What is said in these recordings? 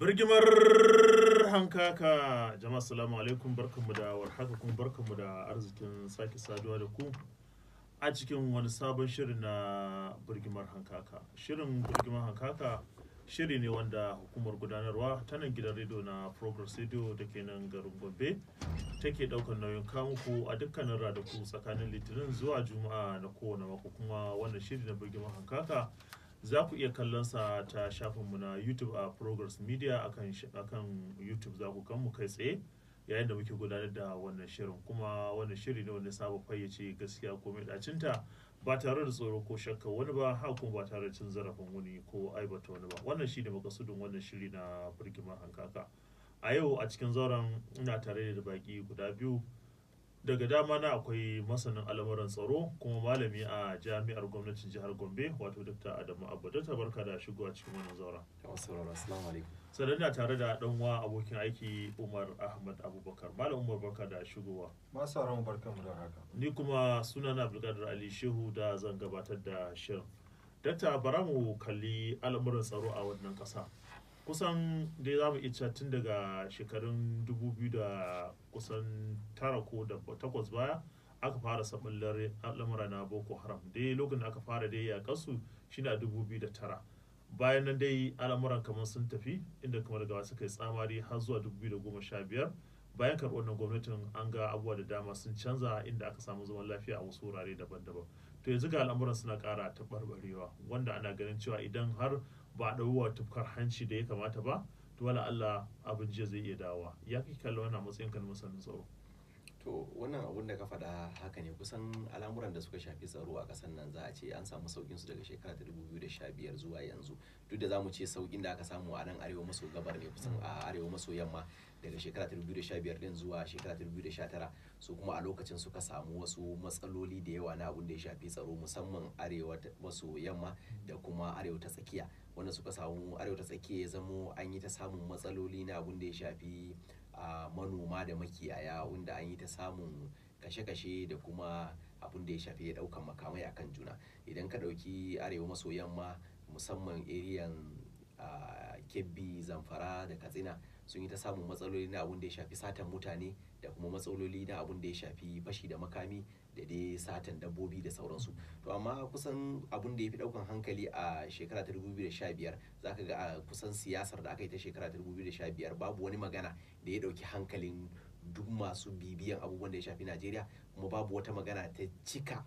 birgimar hankaka jama'a salamu alaikum barkanmu da warhaka kuma barkanmu da arzikin sake saduwa da ku a cikin wani sabon shirin na birgimar hankaka shirin birgimar hankaka shiri ne wanda hukumar gudanarwa ta nan gidan rediyo na progress radio da ke nan garin gombe take daukar nauyin kamuku a dukkanin radaku tsakanin litinin zuwa juma'a na kowane mako kuma wannan shiri na birgimar hankaka za ku iya kallon sa ta shafinmu na youtube a progress media akan youtube za ku kanmu kai tsaye yayin da muke gudanar da wannan shirin kuma wannan shiri ne wanda saba fayyace gaskiya ko mai dacinta ba tare da tsoro ko shakka wani ba har kuma ba tare da cin zarafin wani ko aibata wani ba wannan shi ne makasudin wannan shiri na birgimar hankaka a yau a cikin zauren ina tare da baki guda biyu daga dama na akwai masanin al'amuran tsaro kuma malami a jami'ar gwamnatin jihar gombe wato dr adamu ta barka da shigowa cikin wannan zauren sannan na tare da dan abokin aiki umar ahmad abubakar malam umar barka da shigowa masu mu barkan mu da haka ni kuma sunana bulgadar ali shehu da zan gabatar da shirin dr bara mu kalli al'amuran tsaro a wannan kasa kusan dai za mu iya tun daga shekarun 2000 da kusan tara ko da takwas baya aka fara samun lamura na boko haram dai lokacin aka fara dai ya kasu shi na tara bayan nan dai al'amuran kamar sun tafi inda kamar gaba suka yi tsamari har zuwa sha biyar bayan karɓar wannan gwamnatin an ga abubuwa da dama sun canza inda aka samu zaman lafiya a wasu wurare daban-daban to yanzu ga al'amuran suna ƙara taɓarɓarewa wanda ana ganin cewa idan har ba a ɗauwa tufkar hanci da ya kamata ba to wala Allah abin jiya zai iya dawowa ya kai kallon wannan matsayin kalmar sanin tsaro to wannan abun da ka faɗa haka ne kusan al'amuran da suka shafi tsaro a ƙasar nan za a ce an samu saukin su daga shekara ta dubu biyu da sha biyar zuwa yanzu duk da zamu ce saukin da aka samu a nan arewa maso gabar ne kusan a arewa maso yamma daga shekara ta biyar din zuwa shekara ta tara su kuma a lokacin suka samu wasu matsaloli da yawa na abun da ya shafi tsaro musamman arewa maso yamma da kuma arewa ta tsakiya wanda suka samu arewa ta tsakiya ya zamo an yi ta samun matsaloli na abun da ya shafi manoma da makiyaya wanda an yi ta samun kashe-kashe da kuma abin da ya shafi ɗaukan makamai akan juna idan ka ɗauki arewa maso yamma musamman eriyan kebbi zamfara da katsina sun yi ta samun matsaloli na abun da ya shafi satan mutane da kuma matsaloli na abun da ya shafi fashi da makami da dai satan dabbobi da sauransu to amma kusan abun da ya fi daukan hankali a shekara ta 2015 zaka ga a kusan siyasar da aka yi ta shekara ta 2015 babu wani magana da ya dauki hankalin duk masu bibiyan abubuwan da ya shafi Najeriya kuma babu wata magana ta cika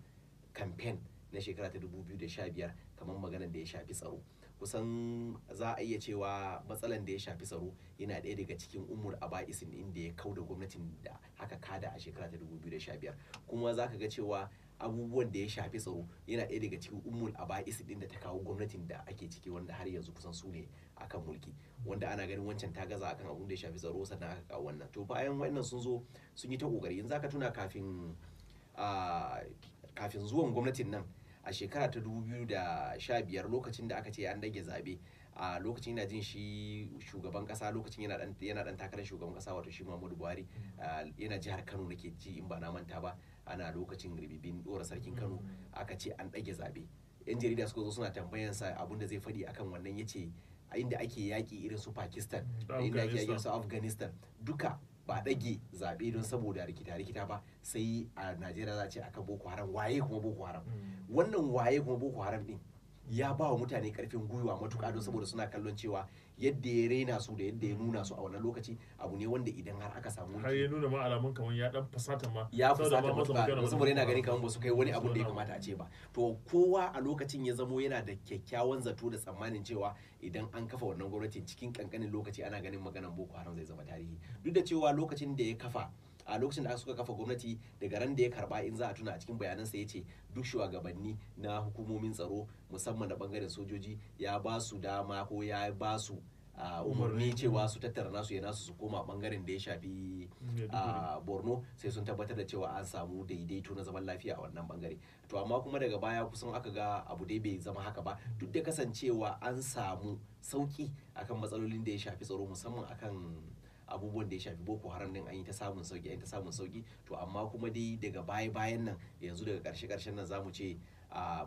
kamfen na shekara ta 2015 kamar maganar da ya shafi tsaro kusan za a iya cewa matsalan da ya shafi tsaro yana ɗaya daga cikin umur a ba'isin inda ya kau da gwamnatin da aka kada a shekara ta 2015 kuma za ka ga cewa abubuwan da ya shafi tsaro yana ɗaya daga cikin umur a ba'isin inda da ta kawo gwamnatin da ake ciki wanda har yanzu kusan su ne akan mulki wanda ana ganin wancan ta gaza akan abun da ya shafi tsaro sannan aka kawo wannan to bayan wannan sun zo sun yi ta kokari in ka tuna kafin ah, kafin zuwan gwamnatin nan a shekara ta biyar lokacin da aka ce an dage zabe a lokacin yana jin shi shugaban kasa lokacin yana dan takarar shugaban kasa wato shi Muhammadu Buhari yana jihar Kano ke ci in ba na manta ba ana lokacin ribibin dora sarkin Kano mm. aka ce an dage zabe yan jarida suka zo suna tambayansa abin da zai faɗi akan wannan ya yace inda ake yaƙi irin su Pakistan mm. inda ake yaƙi su Afghanistan duka ba dage zaɓe don saboda rikita-rikita ba sai a najeriya za a ce akan boko haram waye kuma boko haram mm. wannan waye kuma boko haram din ya ba wa mutane karfin gwiwa matuƙa don saboda suna kallon cewa yadda ya raina su da yadda ya nuna su a wannan lokaci abu ne wanda idan har aka samu har ya nuna ma alamun kamar ya dan fasata ma ya fasata matuƙa don saboda yana ganin kamar ba su kai wani abu da ya kamata a ce ba to kowa a lokacin ya zamo yana da kyakkyawan zato da tsammanin cewa idan an kafa wannan gwamnati cikin kankanin lokaci ana ganin maganan boko haram zai zama tarihi duk da cewa lokacin da ya kafa a lokacin da aka suka kafa gwamnati daga ran da ya karba in za a tuna a cikin bayanansa ya ce duk shugabanni na hukumomin tsaro musamman da bangaren sojoji ya ba su dama ko ya ba su umarni cewa su tattara nasu ya nasu su koma bangaren da ya shafi borno sai sun tabbatar da cewa an samu daidaito na zaman lafiya a wannan bangare to amma kuma daga baya kusan aka ga abu dai bai zama haka ba duk da kasancewa an samu sauki akan matsalolin da ya shafi tsaro musamman akan abubuwan da ya shafi boko haram din an yi ta samun sauki an yi ta samun sauki to amma kuma dai daga baya bayan nan yanzu daga karshe karshen nan zamu ce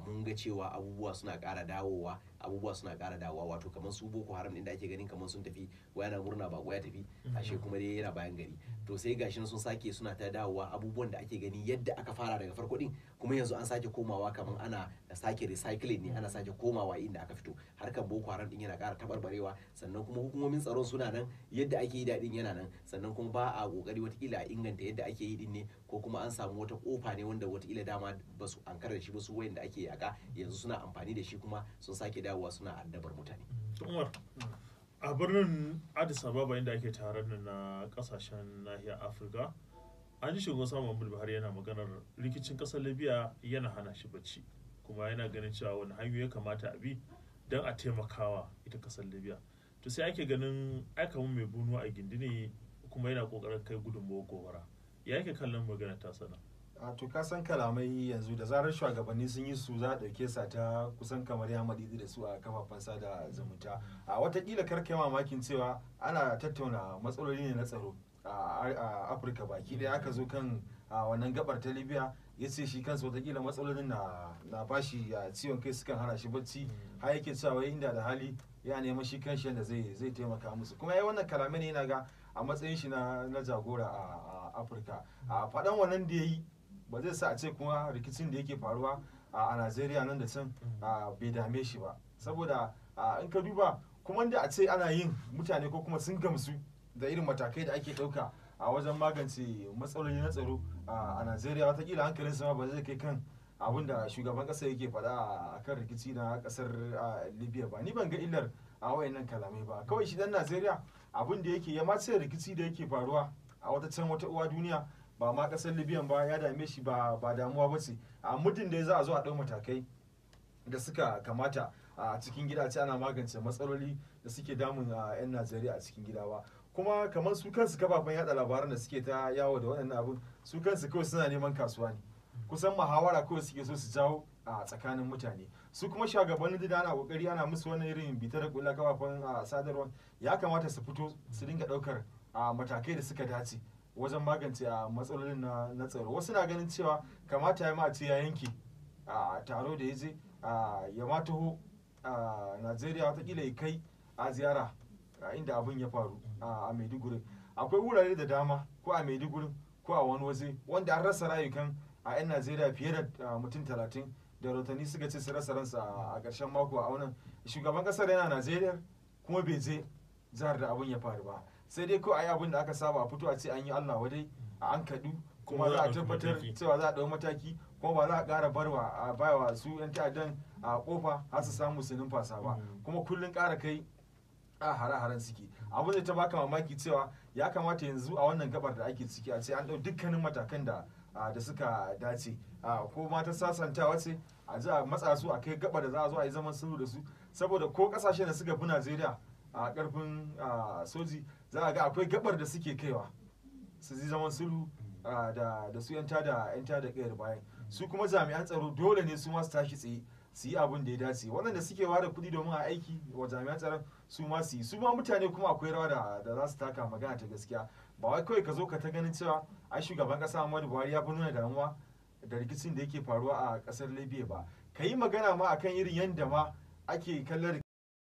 mun ga cewa abubuwa suna ƙara dawowa abubuwa suna ƙara dawowa wato kamar su boko haram din da ake ganin kamar sun tafi waya na murna ba waya tafi ashe mm-hmm. kuma dai yana bayan gari to sai gashi sun sake suna ta dawowa abubuwan da ake gani yadda aka fara daga farko din kuma yanzu an sake komawa kamar ana sake recycling ne ana sake komawa inda aka fito harkan boko haram din yana ƙara tabarbarewa sannan kuma hukumomin tsaron suna nan yadda ake yi daɗin yana nan sannan kuma ba a wata watakila a inganta yadda ake yi din ne ko kuma an samu wata kofa ne wanda wataƙila dama ba su ankara da shi ba su wayan da ake yaka yanzu suna amfani da shi kuma sun sake dawowa suna addabar mutane. Umar, a birnin Addis Ababa inda ake taron na kasashen nahiyar Afirka, an ji shugaban samun Buhari yana maganar rikicin ƙasar Libya yana hana shi bacci kuma yana ganin cewa wani hanyoyi ya kamata a bi don a taimakawa ita ƙasar Libya. To sai ake ganin mun mai bunu a gindini kuma yana ƙoƙarin kai gudunmawar gobara. ya yake kallon magana ta sana a to ka san kalamai yanzu da zarar shugabanni sun yi su za a ɗauke sa ta kusan kamar ya maɗi da su a kafafen sada zumunta a watakila yi mamakin cewa ana tattauna matsaloli ne na tsaro a afirka baki da aka zo kan wannan gabar ta libya ya ce shi kansa watakila matsalolin na bashi ciwon kai sukan hana shi bacci hmm. har yake cewa inda da hali ya neman shi kanshi yadda zai zai taimaka musu kuma ya wannan kalamai ne ga a matsayin shi na na jagora a afirka a faɗan wannan da ya yi ba zai sa a ce kuma rikicin da yake faruwa a najeriya nan da can bai dame shi ba saboda in ka duba kuma da a ce ana yin mutane ko kuma sun gamsu da irin matakai da ake ɗauka a wajen magance matsaloli na tsaro a najeriya watakila hankalin sama ba zai kai kan da shugaban kasa yake faɗa a kan rikici na kasar libya ba ni ban ga illar a wayannan kalamai ba kawai shi dan najeriya abin da yake ya mace rikici da yake faruwa a wata can wata uwa duniya ba ma kasar libya ba ya dame shi ba damuwa ba ce a muddin da ya za a zo a ɗau matakai da suka kamata a cikin gida ce ana magance matsaloli da suke damun 'yan najeriya a cikin gida ba kuma kamar su kansu kafafen yada labaran da suke ta yawo da waɗannan abun su kansu kawai suna neman kasuwa ne kusan muhawara kawai suke so su jawo a tsakanin mutane su kuma shugabannin da ana kokari ana musu wani irin bitar da kula kafafen sadarwa ya kamata su fito su dinga daukar matakai da suka dace wajen magance a matsalolin na tsaro wasu na ganin cewa kamata ya ce ya yanke a taro da ya je ya mataho a najeriya watakila ya kai a ziyara inda abin ya faru a maiduguri akwai wurare da dama ko a maiduguri ko a wani waje wanda an rasa rayukan a 'yan najeriya fiye da ah, mutum talatin da rotani suka ce su rasa ransa a ƙarshen mako a wannan shugaban ƙasar yana najeriya kuma bai je jihar da abin ya faru ba sai dai ko a yi abin da aka saba a fito a ce an yi allah wadai a an kaɗu kuma za a tabbatar cewa za a ɗau mataki kuma ba za a ƙara barwa a bayawa su 'yan ta'addan a kofa har su samu su numfasa ba mm. kuma kullum ƙara kai a hare-haren suke abin da ta baka mamaki cewa ya kamata yanzu a wannan gabar da ake ciki a ce an ɗau dukkanin matakan da da suka dace ko ma ta sasantawa a ji a matsa su a kai gaba da za a zo a yi zaman sulhu da su saboda ko kasashe da suka bi najeriya a karfin soji za a ga akwai gabar da suke kaiwa su ji zaman sulhu da su 'yan tada da tada kayar bayan su kuma jami'an tsaro dole ne su masu tashi tsaye su yi abin da ya dace waɗanda suke ware kuɗi domin a aiki wa jami'an tsaron su ma su yi su ma mutane kuma akwai rawa da da za su taka magana ta gaskiya ba wai kawai ka zo ka ta ganin cewa ai shugaban kasa Muhammadu Buhari ya fi nuna damuwa da rikicin da yake faruwa a kasar Libya ba ka yi magana ma akan irin yadda ma ake kallar